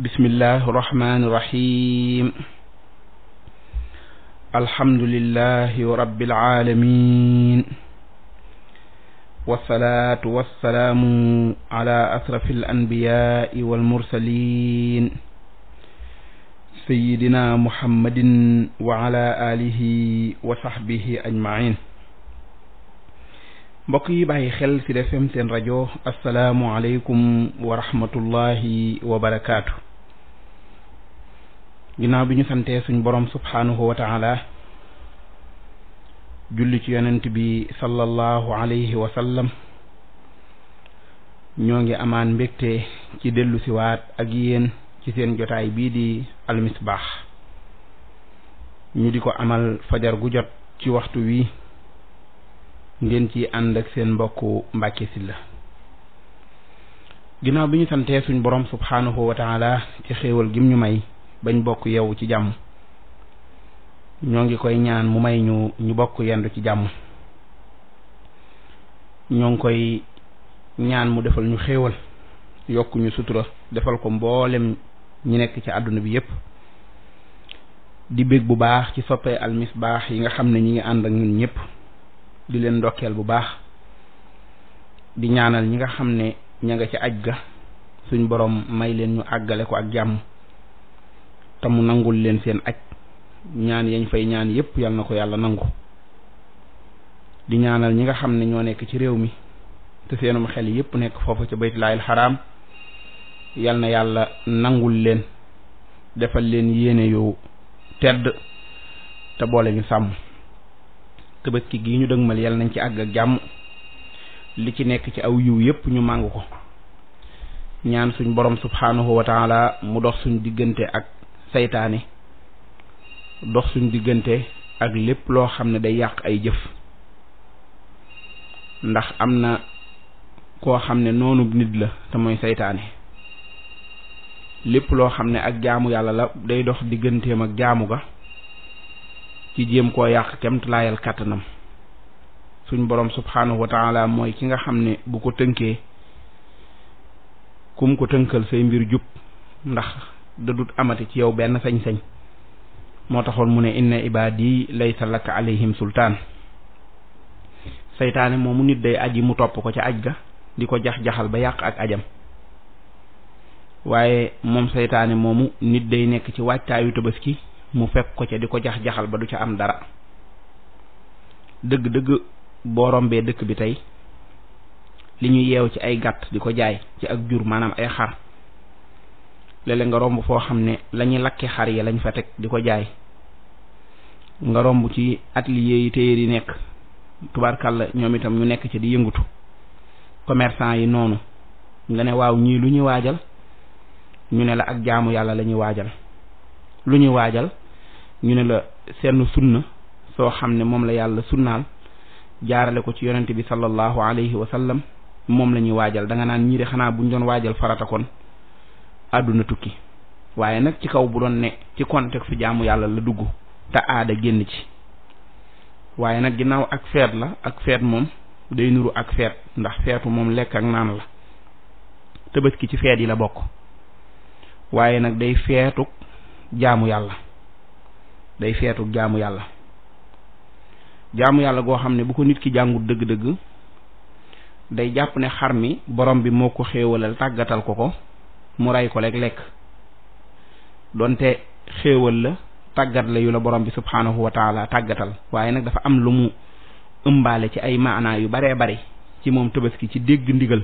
bismillah irrahmani irrahim alhamdulilahi rabiilalamin walsalaatu walsalaamu ala asrafi alanbiyai walmursalin sayidina muhammadin wa ala alihi wa sahbihi ajmain mbokk yi bàyyi xel ci Sud seen rajo asalaamualeykum wa rahmatullahi wa barakaatu. ginnaaw bi ñu santee suñu boroom subhaanahu wa taala julli ci yonent bi sallallahu alayhi wa ñoo ngi amaan mbégte ci dellu siwaat ak yéen ci seen jotaay bii di almisbaax ñu di ko amal fajar gu jot ci waxtu wi ngeen ci ànd ak seen mbokku Mbacke la ginnaaw bi ñu santee suñ borom subhaanahu wa taala ci xéewal gim ñu may bañ bokk yeewu ci jàmm ñoo ngi koy ñaan mu may ñu ñu bokk yendu ci jàmm ñoo ngi koy ñaan mu defal ñu xéewal yokk ñu sutura defal ko mbooleem ñi nekk ci àdduna bi yépp di bég bu baax ci soppee baax yi nga xam ne ñi ngi ànd ak ñun ñépp di leen ndokkeel bu baax di ñaanal ñi nga xam ne ña nga ci aj ga suñ boroom may leen ñu àggale ko ak jàmm te mu nangul leen seen aj ñaan yañ fay ñaan yépp yal na ko yàlla nangu di ñaanal ñi nga xam ne ñoo nekk ci réew mi te seenum xel yépp nekk foofu ca baytulaahil xaraam yal na yàlla nangul leen defal leen yéene yu tedd te boole ñu sàmm tabaski gii ñu dëgmal yal nañ ci àgg ak jàmm li ci nekk ci aw yiw yépp ñu màng ko ñaan suñ borom subhaanahu wa taala mu dox suñu diggante ak seytaane dox suñ diggante ak lépp loo xam ne day yàq ay jëf ndax am na koo xam ne noonu nit la te mooy saytaane lépp loo xam ne ak jaamu yàlla la day dox digganteem ak jaamu ga ci jéem koo yàq kemt laayal kàttanam suñ borom subhaanahu wa taala mooy ki nga xam ne bu ko tënkee kum ko tënkal say mbir jub ndax da amati ci yow benn sañ-sañ moo taxoon mu ne yi ibaadi laysa laka alayhim sultaan seytaane moomu nit day aji mu topp ko ca aj ga di ko jax-jaxal ba yàq ak ajam waaye moom seytaane moomu nit day nekk ci waajtaayu tabaski mu fekk ko ca di ko jax-jaxal ba du ca am dara dëgg-dëgg boo rombee dëkk bi tey li ñuy yeew ci ay gàtt di ko jaay ci ak jur maanaam ay xar léeg-léeg nga romb foo xam ne lañuy ñuy lakki xar yi lañu fa teg di ko jaay nga romb ci atelier yi téyeer yi nekk tubaarkàlla ñoom itam ñu nekk ci di yëngutu commerçant yi noonu nga ne waaw ñii lu ñuy waajal ñu ne la ak jaamu yàlla lañuy waajal lu ñuy waajal ñu ne la seen sunna soo xam ne moom la yàlla sunnaal jaarale ko ci yonent bi sallallahu alayhi wa sallam moom la ñuy waajal da nga naan ñii de xanaa buñ doon waajal farata kon àdduna tukki waaye nag ci kaw bu doon ne ci contexte jaamu yàlla la dugg te aada génn ci waaye nag ginnaaw ak feet la ak feet moom day nuru ak feet ndax feetu moom lekk ak naan la ki ci feet yi la bokk waaye nag day feetuk jaamu yàlla day feetu jaamu yàlla jaamu yàlla goo xam ne bu ko nit ki jàngut dëgg-dëgg day jàpp ne xar mi borom bi moo ko xéewalal tàggatal ko ko mu rey ko lekk lekk donte xéewal la tàggat la yu la borom bi subhaanahu wa taala tàggatal waaye nag dafa am lu mu ëmbaale ci ay maanaa yu baree bari ci moom tabaski ci dégg ndigal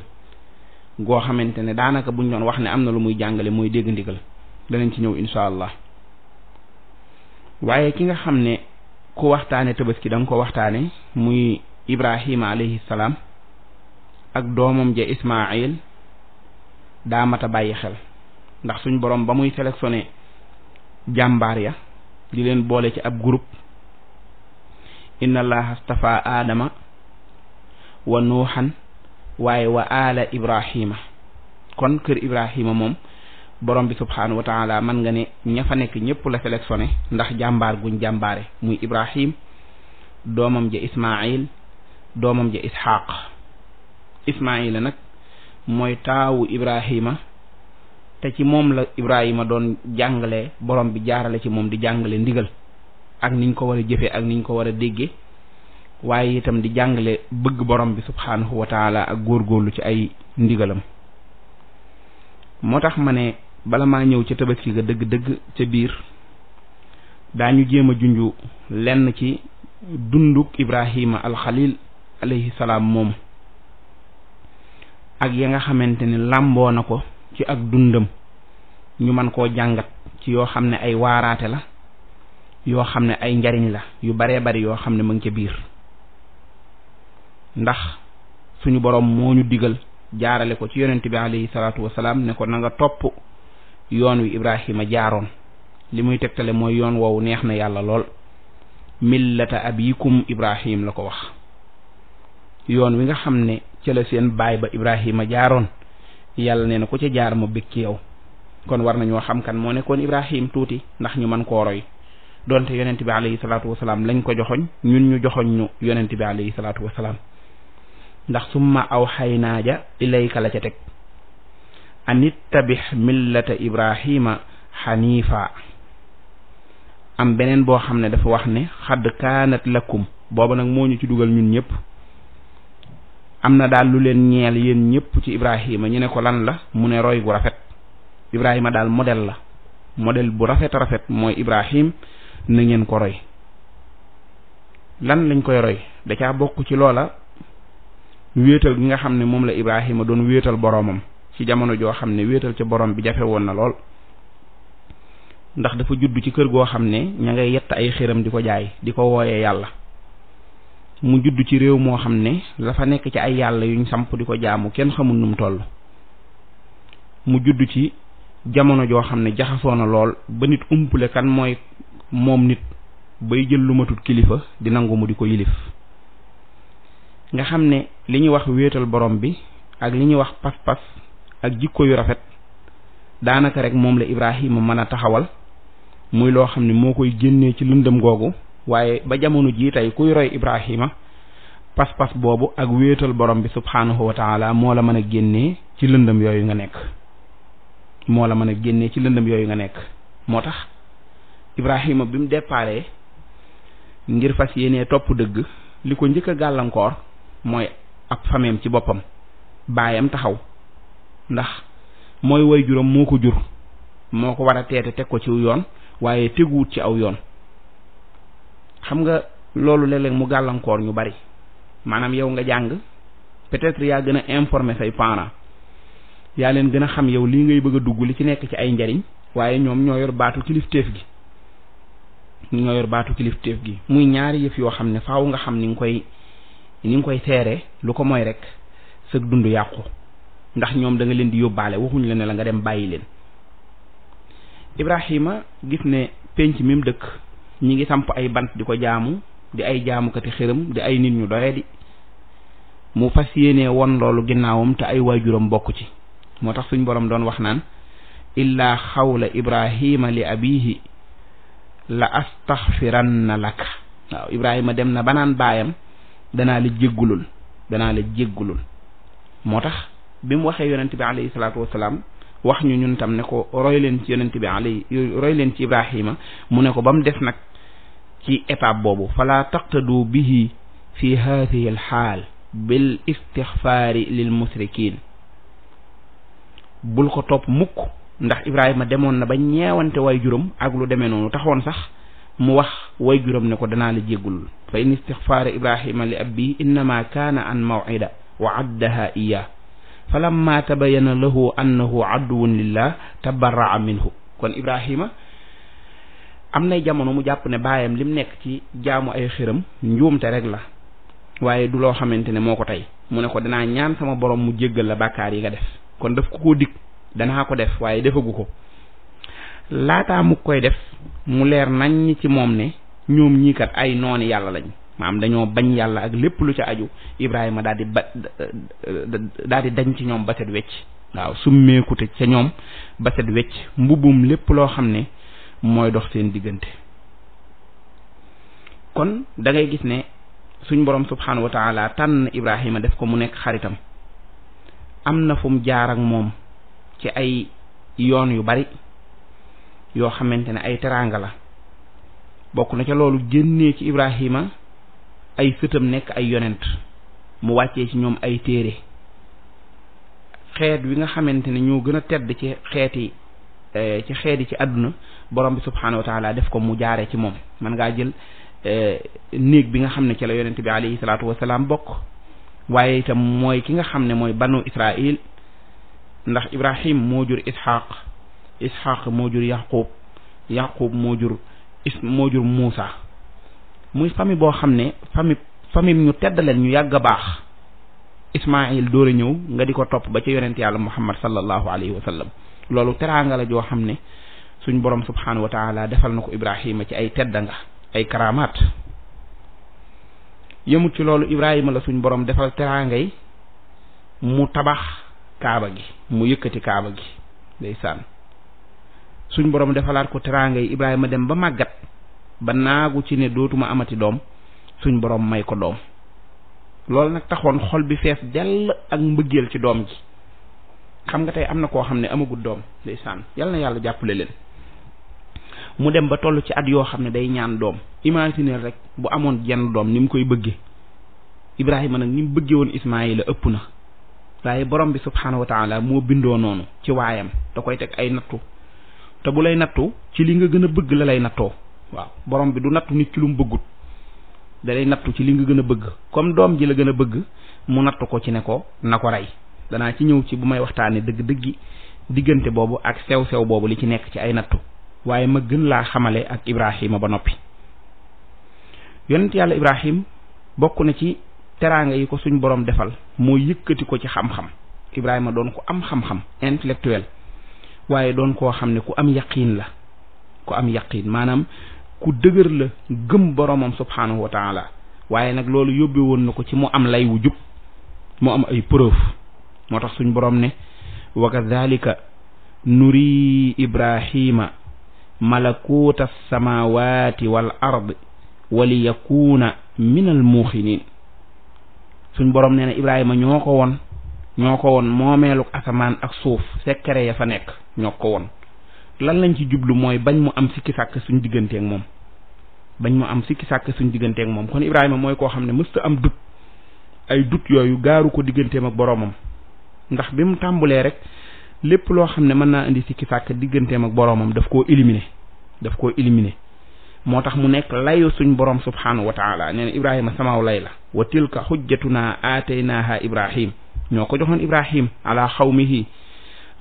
goo xamante ne daanaka buñ doon wax ne am na lu muy jàngale mooy dégg ndigal danañ ci ñëw incha waaye ki nga xam ne ku waxtaane tabaski da nga ko waxtaane muy ibrahima alayhi salaam ak doomam ja ismail daa mat a bàyyi xel ndax suñ borom ba muy sélectionné jàmbaar ya di leen boole ci ab groupe inna allaha aadama wa nuuxan waaye wa ala ibrahima kon kër ibrahima moom borom bi subhaanahu wa taala man nga ne ña fa nekk ñëpp la sélectionné ndax jàmbaar guñ jàmbaare muy ibrahim doomam ja ismail doomam ja isxaq ismaila nag mooy taawu ibrahima te ci moom la ibrahima doon jàngale borom bi jaarale ci moom di jàngale ndigal ak niñ ko war a jëfee ak niñ ko war a déggee waaye itam di jàngale bëgg borom bi subhaanahu wa taala ak góorgóorlu ci ay ndigalam moo tax ma ne bala maa ñëw ca tabaski ga dëgg-dëgg ca biir daañu jéem a junju lenn ci dunduk Ibrahima alxalil alayhi salaam moom ak ya nga xamante ni làmboo na ko ci ak dundam ñu mën koo jàngat ci yoo xam ne ay waaraate la yoo xam ne ay njariñ la yu baree bari yoo xam ne mu ngi ca biir ndax suñu boroom moo ñu digal jaarale ko ci yonent bi alayhi salaatu wasalaam ne ko na topp yoon wi Ibrahima jaaroon li muy tegtale mooy yoon woowu neex na yàlla lool millata abikum Ibrahim la ko wax yoon wi nga xam ne ca seen baay ba Ibrahima jaaroon yàlla nee na ku ca jaar ma bëgg ci yow kon war nañoo xam kan moo nekkoon Ibrahim tuuti ndax ñu mën koo roy donte yonent bi alayhi salaatu wasalaam lañ ko joxoñ ñun ñu joxoñ ñu yonent bi alayhi salaatu wasalaam ndax summa aw xaynaa ja ilayka la ca teg nit anittabix millata ibrahima xanifa am beneen boo xam ne dafa wax ne xadd kaanat lakum booba nag moo ñu ci dugal ñun ñëpp am na daal lu leen ñeel yéen ñëpp ci ibrahima ñu ne ko lan la mu ne roy gu rafet ibrahima daal model la model bu rafet rafet mooy ibrahim na ngeen ko roy lan lañ koy roy da caa bokk ci loola wéetal gi nga xam ne moom la ibrahima doon wéetal boroomam ci jamono joo xam ne wéetal ca borom bi jafe woon na lool ndax dafa judd ci kër goo xam ne ña ngay yett ay xéram di ko jaay di ko wooyee yàlla mu juddu ci réew moo xam ne la nekk ci ay yàlla yuñ samp di ko jaamu kenn xamul num toll mu judd ci jamono joo xam ne jaxasoo na lool ba nit umpule kan mooy moom nit bay jël lu kilifa di nangu mu ko yilif nga xam li ñuy wax wéetal borom bi ak li ñuy wax pas-pas ak jikko yu rafet daanaka rek moom la Ibrahima mën a taxawal muy loo xam ne moo koy génnee ci lëndëm googu waaye ba jamono jii tey kuy roy Ibrahima pas-pas boobu ak wéetal borom bi subhaanahu wa taala moo la mën a génnee ci lëndëm yooyu nga nekk moo la mën a génnee ci lëndëm yooyu nga nekk moo tax Ibrahima bi mu déparé ngir fas yéenee topp dëgg li ko njëkk a gàllankoor mooy ab fameem ci boppam baayam taxaw ndax mooy woy juróom moo ko jur moo ko war a teete teg ko ci yoon waaye teguwut ci aw yoon xam nga loolu léeg-léeg mu gàllankoor ñu bari maanaam yow nga jàng peut-être yaa gën a informer say parents yaa leen gën a xam yow lii ngay bëgg a dugg li ci nekk ci ay njariñ waaye ñoom ñoo yor baatu kilifteef gi ñoo yor baatu kilifteef gi muy ñaari yëf yoo xam ne faaw nga xam ni nga koy ni nga koy seere lu ko moy rek sëg dund yàqu ndax ñoom danga leen di yóbbaale waxuñ la ne la nga dem bàyyi leen Ibrahima gis ne pénc mi mu dëkk ñi ngi samp ay bant di ko jaamu di ay jaamukati xërëm di ay nit ñu doye di mu fas yéene won loolu ginnaawam te ay waajuram bokk ci moo tax suñ boroom doon wax naan illaa xawla ibrahima li abihi la astaxfiranna laka waaw ibrahima dem na banaan baayam danaa la jéggulul danaa la jéggulul moo tax bi mu waxee yonent bi alayhi salaatu wasalaam wax ñu ñun tam ne ko roy leen ci bi roy leen ci Ibrahima mu ne ko ba mu def nag ci étape boobu fala taqtadu bi fi haadihi al xaal bil istixfaari lil musrikin bul ko topp mukk ndax Ibrahima demoon na ba ñeewante way juróom ak lu demee noonu taxoon sax mu wax way juróom ne ko danaa la jéggul fa in istixfaara Ibrahima li abbi innama kaana an mawcida wa addaha iya falamma tabayyana lahu annahu aduwun lillah tabarraa minhu kon Ibrahima am nay jamono mu jàpp ne baayam lim nekk ci jaamu ay xiram njuumte rek la waaye du loo xamante ne moo ko tey mu ne ko danaa ñaan sama borom mu jéggal la bàkkaar yi nga def kon daf ko ko dig danaa ko def waaye defagu ko laata mu koy def mu leer nañ ci moom ne ñoom ñiikat ay nooni yàlla lañ maam dañoo bañ yàlla ak lépp lu ca aju Ibrahima daal di ba daal di dañ ci ñoom ba set wecc waaw summeeku te ca ñoom ba set wecc mbubum lépp loo xam ne mooy dox seen diggante kon dangay gis ne suñ borom subxanahu wa taala tànn Ibrahima def ko mu nekk xaritam am na fu mu jaar ak moom ci ay yoon yu bari yoo xamante ne ay teraanga la bokk na ca loolu génnee ci Ibrahima ay sëtam nekk ay yonent mu wàccee ci ñoom ay téere xeet wi nga xamante ne ñoo gën a tedd ci xeeti eh, ci xeet ci àdduna borom bi subhaanahu wa taala def ko mu jaare ci moom man ngaa jël eh, néeg bi nga xam ne ci la yonent bi alayhi salaatu wasalaam bokk waaye itam mooy ki nga xam ne mooy banu israil ndax ibrahim moo jur isxaq isxaq moo jur yaqub yaqub moo jur is moo jur muusa muy famille boo xam ne famille famille ñu tedd leen ñu yàgg a baax Ismaayil door a ñëw nga di ko topp ba ca yonent yàlla Muhammad sallallahu alayhi wa sallam loolu teraanga la joo xam ne suñ borom subxanahu wa taala defal na ko Ibrahima ci ay teddanga ay karamaat yëmut ci loolu Ibrahima la suñ borom defal teraangay mu tabax kaaba gi mu yëkkati kaaba gi ndeysaan suñ borom defalaat ko teraangay Ibrahima dem ba màggat. ba naagu ci ne dootuma amati doom suñ borom may ko doom loolu nag taxoon xol bi fees dell ak mbëggeel ci doom ji xam nga tey am na koo xam ne amagul doom ndeysaan yal na yàlla jàppale leen mu dem ba toll ci at yoo xam ne day ñaan doom imaginer rek bu amoon jenn doom ni mu koy bëggee Ibrahima nag ni mu bëggee woon Ismaayila ëpp na waaye borom bi subxanahu wa moo bindoo noonu ci waayam da koy teg ay nattu te bu lay nattu ci li nga gën a bëgg la lay nattoo. waaw borom bi du nattu nit ci lu mu bëggut dalay nattu ci li nga gën a bëgg comme doom ji la gën a bëgg mu nattu ko ci ne ko na ko rey danaa ci ñëw ci bu may waxtaanee dëgg dëggi diggante boobu ak sew sew boobu li ci nekk ci ay nattu waaye ma gën laa xamale ak Ibrahima ba noppi yonent yàlla Ibrahim bokk na ci teraanga yi ko suñ borom defal moo yëkkati ko ci xam-xam Ibrahima doon ko am xam-xam intellectuel waaye doon koo xam ne ku am yaqiin la ku ku dëgër la gëm boromam subhaanahu wa taala waaye nag loolu yóbbe woon na ko ci mu am lay wu jub mu am ay preuve moo tax suñ borom ne wa kadalika nuri ibrahima malakuuta alsamawati wal ard wali yakuuna min al muuxinin suñ borom nee na ibrahima ñoo ko ñoo ko woon moomeelu asamaan ak suuf sekkere ya fa nekk ñoo ko woon lan lañ ci jublu mooy bañ mu am sikki sàkk suñ digganteeg moom bañ mu am sikki sàkk suñu digganteeg moom kon Ibrahima mooy koo xam ne mësta am dut ay dut yooyu gaaru ko digganteem ak boroomam ndax bi mu tàmbulee rek lépp loo xam ne mën naa indi sikki sàkk digganteem ak boroomam daf koo éliminer daf koo ilimine moo tax mu nekk layu suñ borom subhaanahu wa taala nee na Ibrahima samaaw lay la wa tilka xujjatuna aataynaaha Ibrahim ñoo ko joxoon Ibrahim ala xawmihi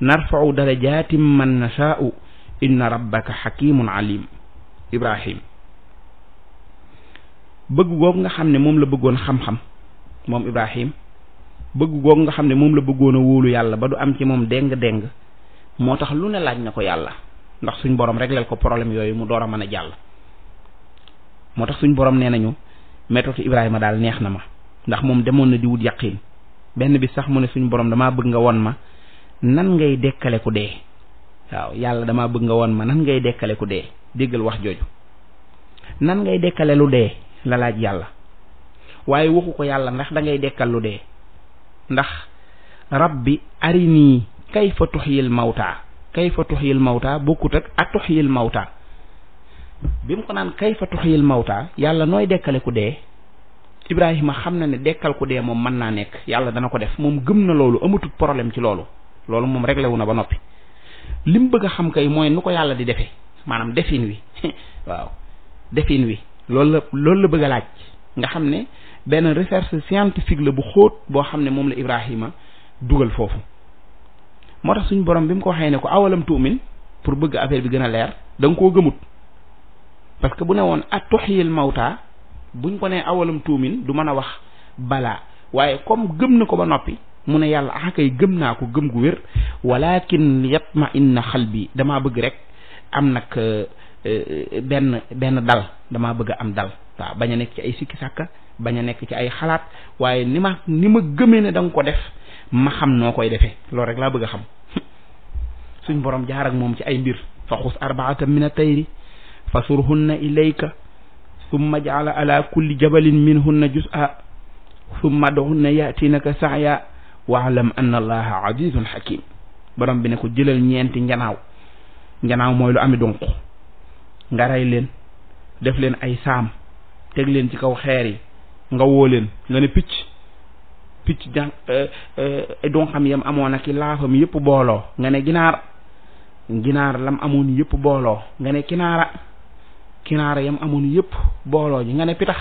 narfau darajatim man nashaau inna rabbaka xakimun alim ibrahim bëgg googu nga xam ne moom la bëggoon xam-xam moom ibrahim bëgg googu nga xam ne moom la bëggoon a wóolu yàlla ba du am ci moom déng-déng moo tax lu ne laaj na ko yàlla ndax suñ borom régleel ko problème yooyu mu door a mën a jàll moo tax suñu borom nee nañu méthode ibraahima daal neex na ma ndax moom demoon na diwut wut yaqin benn bi sax mu ne suñu borom dama bëgg nga won ma nan ngay dekkale ko dee waaw yàlla damaa bëgg nga woon ma nan ngay dekkale ku dee déggal wax jooju nan ngay dekkale lu dee la laaj yàlla waaye waxu ko yàlla ndax dangay ngay dekkal lu dee ndax rabbi arinii kayfa tuxyil mawtaa kayfa tuxyil mawtaa bokkut ak a tuxyil mawtaa bi mu ko naan kay kayfa tuxyil mawtaa yàlla nooy dekkale ku dee Ibrahima xam na ne dekkal ku dee moom mën naa nekk yàlla dana ko def moom gëm na loolu amatul problème ci loolu loolu moom réglé wu na ba noppi li mu bëgg a xam kay mooy nu ko yàlla di defee maanaam defin wi waaw defin wi loolu la loolu la bëgg a laaj nga xam ne benn recherche scientifique la bu xóot boo xam ne moom la Ibrahima dugal foofu moo tax suñu borom bi mu ko waxee ne ko awalam tuumin pour bëgg affaire bi gën a leer da koo gëmut parce que bu ne woon at tuxyil buñ ko nee awalam tuumin du mën a wax balaa waaye comme gëm na ko ba noppi mu ne yàlla ah kay gëm naa ko gëm gu wér walakin yatma inna xalbi damaa bëgg rek am nag euh, euh, benn benn dal damaa bëgg am dal waaw bañ a nekk ci ay sikki sàkka bañ a nekk ci ay xalaat waaye ni ma ni ma gëmee ne danga ko def ma xam noo koy defe loolu rek laa bëgg a xam suñ borom jaar moom ci ay mbir fa xus arbaata min na tayri fa surhunna ilayka summa jaala ala kulli jabalin minhunna juz'a summa doxunna yatinaka saaya am anna allaha azizun hakim borom bi ne ko jëlal ñeenti njanaaw njanaaw mooy lu ami donc nga rey leen def leen ay saam teg leen ci kaw xeer yi nga woo leen nga ne picc picc jan euh, euh, ay donxam yam amoon ak i laafam yëpp booloo nga ne ginaar ginaar lam amoon yëpp booloo nga ne kinaara kinaara yam amoon yëpp booloo ji nga ne pitax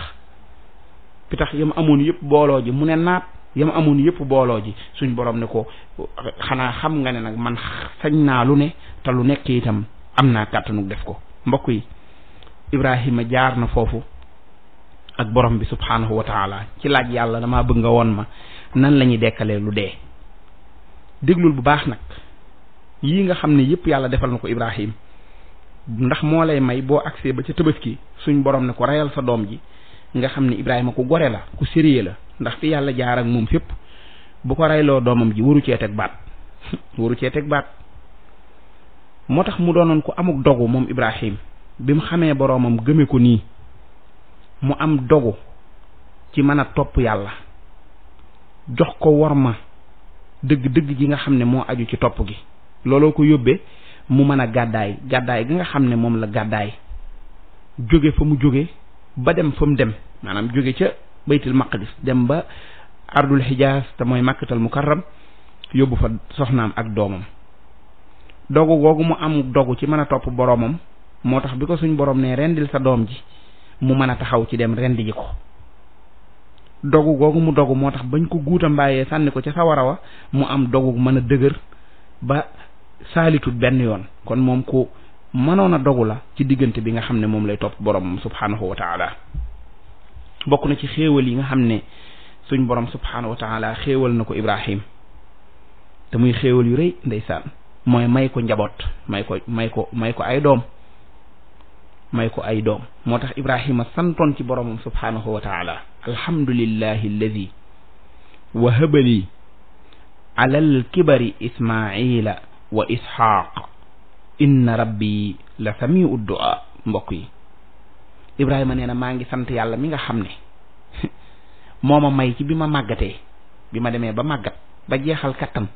pitax yam amoon yëpp booloo ji mu ne naat yam amoon yëpp booloo ji suñ boroom ne ko xanaa xam nga ne nag man sañ naa lu ne te lu nekk itam am naa kàttanu def ko mbokk yi Ibrahima jaar na foofu ak borom bi subhaanahu wa taala ci laaj yàlla damaa bëgg nga woon ma nan la ñuy dekkalee lu dee déglul bu baax nag yii nga xam ne yëpp yàlla defal na ko Ibrahim ndax moo lay may boo agsee ba ca Tabaski suñ borom ne ko reyal sa doom ji nga xam ne Ibrahima ku gore la ku sérieux la ndax fi yàlla jaar ak moom fépp bu ko reyloo doomam ji waru cee baat waru cee baat moo tax mu doonoon ku amuk dogu moom Ibrahim bi mu xamee boroomam gëme ko nii mu am dogu ci mën a topp yàlla jox ko ma dëgg-dëgg gi nga xam ne moo aju ci topp gi looloo ko yóbbee mu mën a gàddaay gàddaay gi nga xam ne moom la gàddaay jóge fa mu jóge ba dem fa mu dem maanaam jóge ca baytul maqdis dem ba ardul xijaas te mooy màkkatal mukarram yóbbu fa soxnaam ak doomam dogu googu mu am dogu ci mën a topp boroomam moo tax bi ko suñ boroom ne rendil sa doom ji mu mën a taxaw ci dem rendi ji dogu googu mu dogu moo tax bañ ko guuta mbaayee sànni ko ca sawara wa mu am dogu mën a dëgër ba saalitut benn yoon kon moom ku mënoon a dogu la ci diggante bi nga xam ne moom lay topp boroomam subhaanahu wa taala bokk na ci xéewal yi nga xam ne suñ borom subhaanahu wa xéewal na ko Ibrahim te muy xéewal yu rëy ndeysaan mooy may ko njaboot may ko may ko may ko ay doom may ko ay doom moo tax Ibrahima santoon ci boromam subhaanahu wa taala alhamdulillahi alladi wahabali alal kibari ismaila wa isxaaq inna rabbi la samiu du'a mbokk yi Ibrahima nee na maa ngi sant yàlla mi nga xam ne moo ma may ci bi ma màggatee bi ma demee ba màggat ba jeexal kattan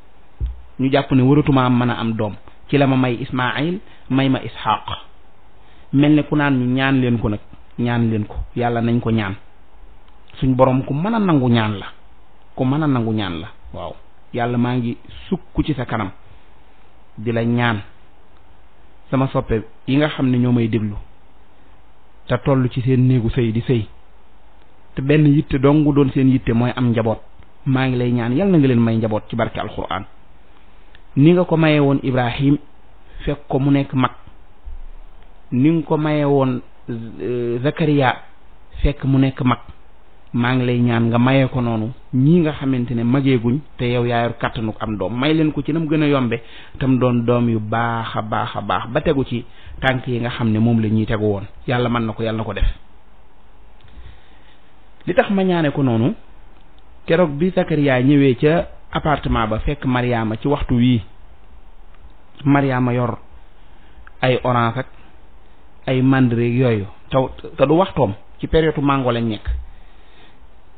ñu jàpp ne waratuma am mën a am doom ci la ma may Ismaayil may ma Isxaaq mel ne ku naan ñu ñaan leen ko nag ñaan leen ko yàlla nañ ko ñaan suñ boroom ku mën a nangu ñaan la ku mën a nangu ñaan la waaw yàlla maa ngi sukk ci sa kanam di la ñaan sama soppe yi nga xam ne ñoo may déglu te toll ci seen néegu sëy di sëy te benn yitte dong doon seen yitte mooy am njaboot maa ngi lay ñaan yàlla na nga leen may njaboot ci barke alxuraan ni nga ko maye woon Ibrahim fekk ko mu nekk mag ni nga ko maye woon euh, Zakaria fekk mu nekk mag maa ngi lay ñaan nga maye ko noonu ñii nga xamante ne mageeguñ te yow yaayor kàttanuk am doom may leen ko ci nam gën a yombe tam doon doom yu baax a baax a baax ba tegu ci tànk yi nga xam ne moom la ñuy tegu woon yàlla mën na ko yàlla ko def li tax mañaane ko noonu keroog bi Sakariya ñëwee ca apartement ba fekk Mariama ci waxtu wii Mariama yor ay orange ak ay mandrig yooyu taw te du waxtoom ci période mango lañ nekk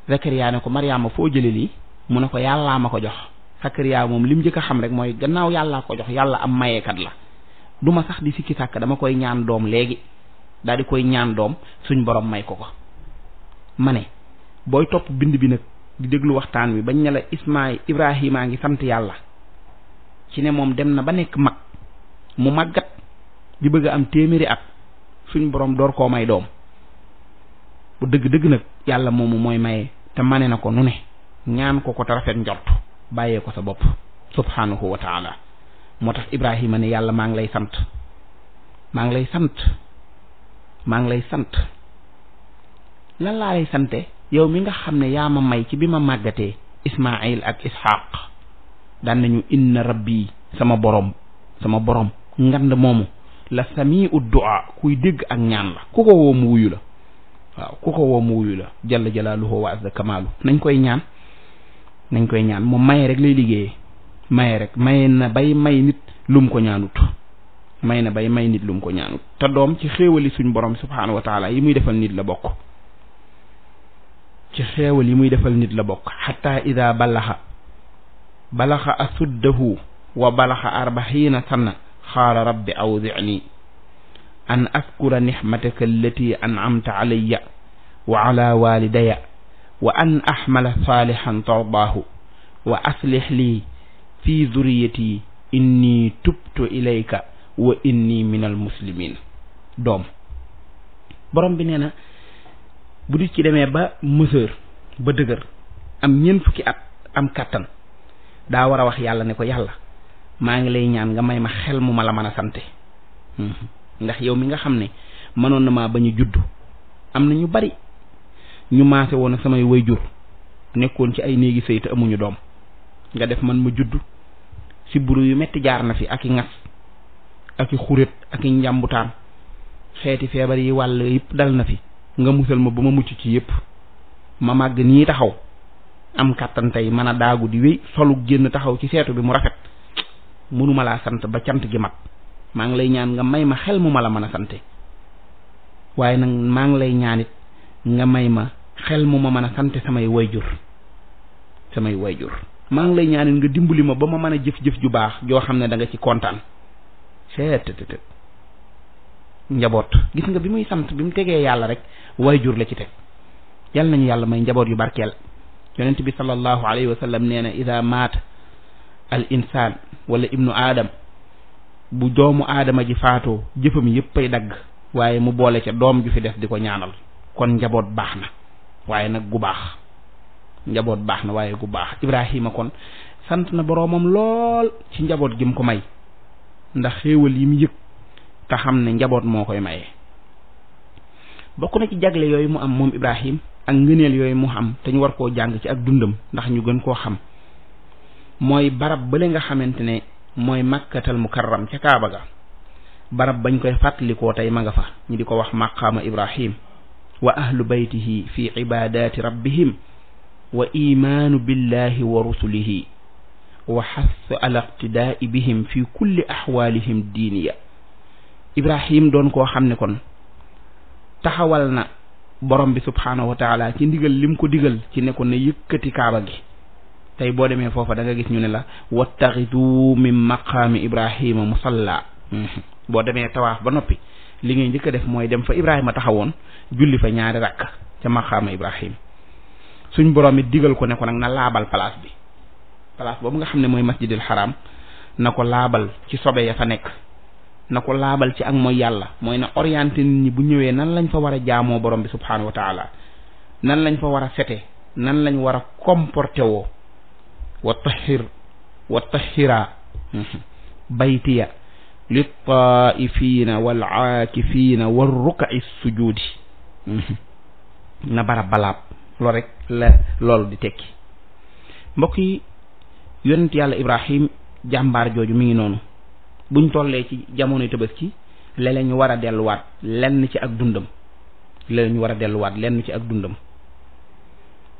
Sakariya ne ko Mariama foo jële lii mu ne ko yàllaa ma ko jox Sakariya moom lim njëkk a xam rek mooy gannaaw yàllaa ko jox yàlla am mayeekat la du ma sax di sikki sàkk dama koy ñaan doom léegi daal di koy ñaan doom suñ boroom may ko ko ma ne booy topp bind bi nag di déglu waxtaan wi bañ ne la Ismaïl Ibrahima ngi sant yàlla ci ne moom dem na ba nekk mag mu màggat di bëgg am téeméeri at suñ borom door koo may doom bu dëgg dëgg nag yàlla moomu mooy maye te ma ne na ko nu ne ñaan ko ko te njort bàyyee ko sa bopp subhanahu wa moo tax Ibrahima ne yàlla maa ngi lay sant maa ngi lay sant maa ngi lay sant lan laa lay sante yow mi nga xam ne yaa ma may ci bi ma màggatee Ismaayil ak Ishaq daan nañu indi inna rabbi sama borom sama borom ngand moomu la sami ut du'a kuy dégg ak ñaan la ku ko woo wuyu la waaw ku ko woo wuyu la jalla jalaaluhu wa azza kamaalu nañ koy ñaan nañ koy ñaan moom maye rek lay liggéeyee maye rek maye na bay may ko ñaanut may na bay may nit lum ko ñaanut te doom ci xéewali suñ borom subhaanahu wa yi muy defal nit la bokk ci xéewal yi muy defal nit la bokk xataa ida balaxa balaxa asuddahu wa balaxa arbaxiina sana xaala rabbi awzicni an askura nixmataka allati anamta alayya wa ala walidaya wa an axmala saalihan tardaahu wa aslix lii fi zuriyati inni tubtu ilayka wa inni minal muslimin doom borom bi nee na bu nit ci demee ba mësër ba dëgër am ñeent fukki at am kàttan daa war a wax yàlla ne ko yàlla maa ngi lay ñaan nga may ma xel mu ma la mën a sante hmm. ndax yow mi nga xam ne mënoon na maa ba ñu judd am na ñu bari ñu maase woon samay way jur nekkoon ci ay néegi sëy te amuñu doom nga def man ma judd ci sibburu yu metti jaar na fi ak i ŋas ak i xuréet ak i njàmbutaan xeeti feebar yi wàll yëpp dal na fi nga musal ma ba ma mucc ci yëpp ma màgg nii taxaw am kàttan tey man a daagu di wéy solu génn taxaw ci seetu bi mu rafet mënuma laa sant ba cant gi mat maa ngi lay ñaan nga may ma xel mu ma la mën a sante waaye nag maa ngi lay ñaanit nga may ma xel mu ma mën a sante samay wayjur samay jur maa ngi lay ñaanal nga dimbali ma ba ma mën a jëf-jëf ju baax joo xam ne da ci kontaan seetëtëtë njaboot gis nga bi muy sant bi mu tegee yàlla rek jur la ci teg yal nañu yàlla may njaboot yu barkeel yonent bi sallallahu alayhi wa sallam nee na ida maata al insaan wala ibnu aadam bu doomu aadama ji faatoo jëfam yëppay dagg waaye mu boole ca doom ju fi def di ko ñaanal kon njaboot baax na waaye nag gu baax njaboot baax na waaye gu baax Ibrahima kon sant na boroomam lool ci njaboot gi mu ko may ndax xéewal yi mu yëg te xam ne njaboot moo koy maye bokk na ci jagle yooyu mu am moom Ibrahim ak ngëneel yooyu mu am te ñu war koo jàng ci ak dundam ndax ñu gën koo xam mooy barab bële nga xamante ne mooy màkkatal mukarram ca Kaaba ga barab bañ koy fàttalikoo tey ma nga fa ñu di ko wax maqaama Ibrahim wa ahlu baytihi fi ibadati rabbihim wa imaanu billahi wa rusulihi wa xas ala iqtidaai bihim fi kulli axwaalihim diiniya ibrahim doon koo xam ne kon taxawal na borom bi subhaanahu wa taala ci ndigal lim ko digal ci ne ko na yëkkati kaaba gi tey boo demee foofa danga gis ñu ne la wattaxidu min maqaami ibrahima musalla boo demee tawaaf ba noppi li ngay njëkk def mooy dem fa ibrahima taxawoon julli fa ñaari rakk ca maqaama ibrahim suñ borom it digal ko ne ko nag na laabal place bi place boobu nga xam ne mooy masjidil xaram na ko laabal ci sobe ya fa nekk na ko laabal ci ak mooy yàlla mooy na orienté nit ñi bu ñëwee nan lañ fa war a jaamoo borom bi subhaanahu wa taala nan lañ fa war a fete nan lañ war a comporté woo wa tahir wa tahira mhm, baytiya li taifiina wal aakifiina war rukai sujudi mhm, na barab balaab loolu la loolu di tekki mbokk yi yonent yàlla Ibrahim jàmbaar jooju mi ngi noonu buñ tollee ci jamono tabaski léeg-léeg ñu war a delluwaat lenn ci ak dundam léeg-léeg ñu war a delluwaat lenn ci ak dundam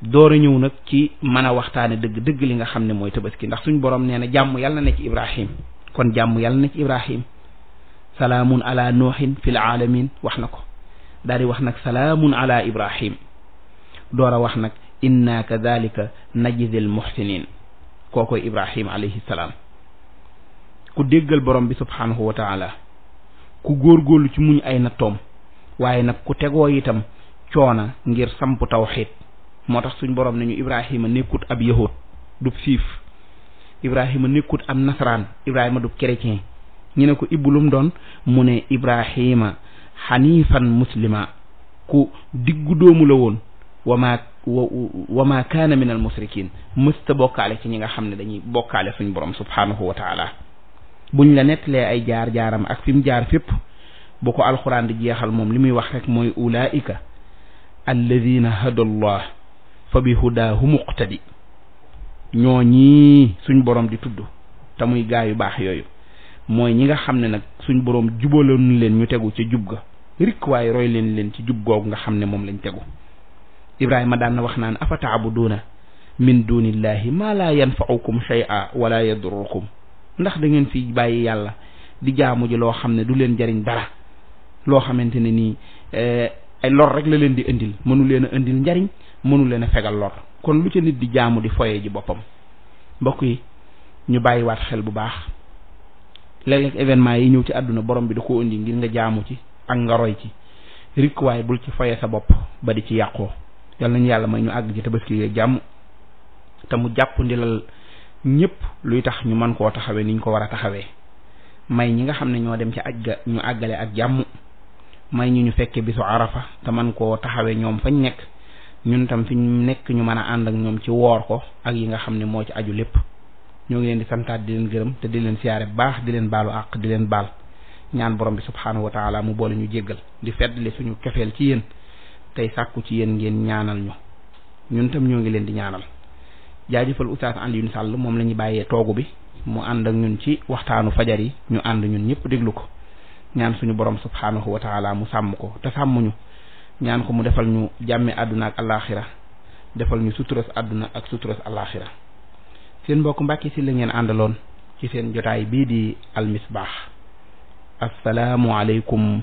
door a ñëw nag ci mën a waxtaane dëgg dëgg li nga xam ne mooy tabaski ndax suñ borom nee na jàmm yàlla na ci Ibrahim kon jàmm yàlla na ci Ibrahim salaamun ala nuuhin fil alamin wax na ko daal di wax nag salaamun ala Ibrahim door a wax nag inna kadalika najzil muhsinin kookoy ibrahim alayhi salaam ku déggal borom bi subhaanahu wa taala ku góorgóorlu ci muñ ay nattoom waaye nag ku tegoo itam coona ngir samp tawxiid moo tax suñ borom ne ñu ibrahima nekkut ab yahud dub siif ibrahima nekkut ab nasaraan ibrahima du chrétien ñu ne ko ibulum doon mu ne ibrahima xanifan muslima ku diggu doomu la woon wa maa wa maa kaana min al musrikin mësta bokkaale ci ñi nga xam ne dañuy bokkaale suñ borom subhaanahu wa taala buñ la nettalee ay jaar-jaaram ak fi mu jaar fépp bu ko alxuraan di jeexal moom li muy wax rek mooy ulaika alladina hada allah fa bi hudaahu muqtadi ñoo ñii suñ borom di tudd te muy gaa yu baax yooyu mooy ñi nga xam ne nag suñ borom jubaloon leen ñu tegu ca jub ga rik waaye roy leen leen ci jub googu nga xam ne moom lañ tegu ibrahima daan na wax naan afa taabuduuna min dunillahi ma la yanfaukum shay'a wala yadurukum ndax da ngeen fi bàyyi yàlla di jaamu ji loo xam ne du leen jariñ dara loo xamante ne nii eh, ay lor rek la leen di indil mënu leen a indil njariñ mënu leen a fegal lor kon lu ci nit di jaamu di foye ji boppam mbokk yi ñu bàyyi waat xel bu baax léeg-léeg yi ñëw ci àdduna borom bi da ko indi ngir nga jaamu ci ak nga roy ci rikkuwaay bul ci foye sa bopp ba di ci yàqoo yal nañu yàlla may ñu àgg ci tabaski yeeg jàmm te mu lal ñëpp luy tax ñu mën koo taxawee ni ñu ko war a taxawee may ñi nga xam ne ñoo dem ci aj ga ñu àggale ak jàmm may ñu ñu bi bisu arafa te man koo taxawee ñoom fañ nekk ñun tam fi ñu nekk ñu mën a ànd ak ñoom ci woor ko ak yi nga xam ne moo ci aju lépp ñoo ngi leen di santaat di leen gërëm te di leen siyaare baax di leen baalu àq di leen baal ñaan borom bi subhaanahu wa taala mu boole ñu jéggal di feddle ci yéen tey sàkku ci yéen ngeen ñaanal ñu ñun tam ñoo ngi leen di ñaanal jaajëfal Oustaz Alioune Sall moom la bàyyee toogu bi mu ànd ak ñun ci waxtaanu fajar yi ñu ànd ñun ñëpp déglu ko ñaan suñu borom subhaanahu wa taala mu sàmm ko te sàmm sàmmuñu ñaan ko mu defal ñu jàmme àdduna ak alaaxira defal ñu suturas àdduna ak suturas alaaxira seen mbokk si la ngeen àndaloon ci seen jotaay bii di almisbaax asalaamualeykum